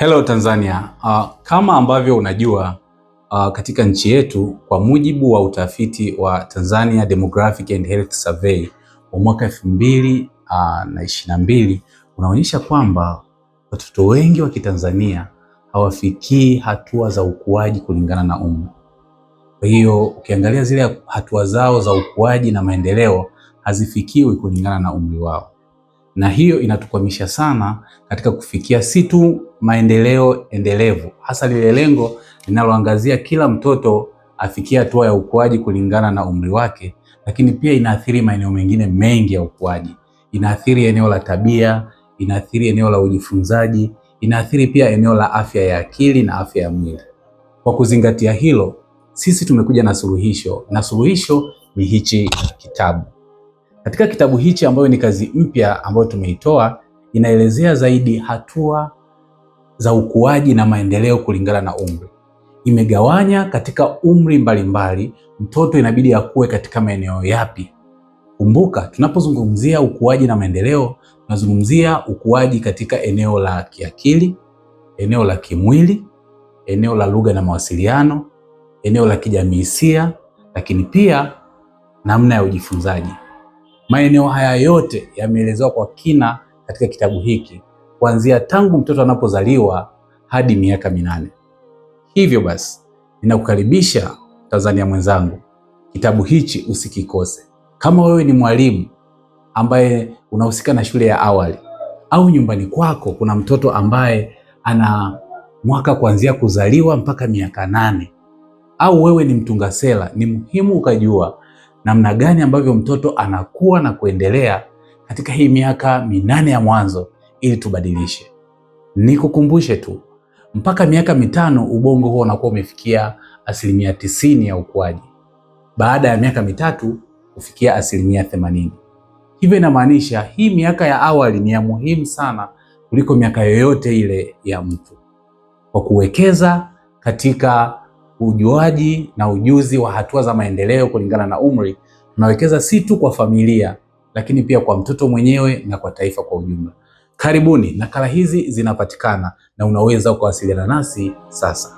Hello Tanzania. Uh, kama ambavyo unajua uh, katika nchi yetu kwa mujibu wa utafiti wa Tanzania Demographic and Health Survey wa mwaka 2022 uh, ah, unaonyesha kwamba watoto wengi wa Kitanzania hawafikii hatua za ukuaji kulingana na umri. Kwa hiyo ukiangalia zile hatua zao za ukuaji na maendeleo hazifikiwi kulingana na umri wao, na hiyo inatukwamisha sana katika kufikia si tu maendeleo endelevu, hasa lile lengo linaloangazia kila mtoto afikie hatua ya ukuaji kulingana na umri wake, lakini pia inaathiri maeneo mengine mengi ya ukuaji. Inaathiri eneo la tabia, inaathiri eneo la ujifunzaji, inaathiri pia eneo la afya ya akili na afya ya mwili. Kwa kuzingatia hilo, sisi tumekuja na suluhisho, na suluhisho ni hichi kitabu. Katika kitabu hichi ambayo ni kazi mpya ambayo tumeitoa, inaelezea zaidi hatua za ukuaji na maendeleo kulingana na umri. Imegawanya katika umri mbalimbali mbali, mtoto inabidi akuwe katika maeneo yapi. Kumbuka, tunapozungumzia ukuaji na maendeleo tunazungumzia ukuaji katika eneo la kiakili, eneo la kimwili, eneo la lugha na mawasiliano, eneo la kijamii lakini pia namna ya ujifunzaji. Maeneo haya yote yameelezewa kwa kina katika kitabu hiki kuanzia tangu mtoto anapozaliwa hadi miaka minane. Hivyo basi, ninakukaribisha Tanzania mwenzangu, kitabu hichi usikikose. Kama wewe ni mwalimu ambaye unahusika na shule ya awali au nyumbani kwako kuna mtoto ambaye ana mwaka kuanzia kuzaliwa mpaka miaka nane, au wewe ni mtunga sera, ni muhimu ukajua namna gani ambavyo mtoto anakuwa na kuendelea katika hii miaka minane ya mwanzo ili tubadilishe. Nikukumbushe tu, mpaka miaka mitano ubongo huo unakuwa umefikia asilimia tisini ya ukuaji. Baada ya miaka mitatu kufikia asilimia themanini. Hivyo inamaanisha hii miaka ya awali ni ya muhimu sana kuliko miaka yoyote ile ya mtu, kwa kuwekeza katika ujuaji na ujuzi wa hatua za maendeleo kulingana na umri. Tunawekeza si tu kwa familia, lakini pia kwa mtoto mwenyewe na kwa taifa kwa ujumla. Karibuni, nakala hizi zinapatikana na unaweza ukawasiliana nasi sasa.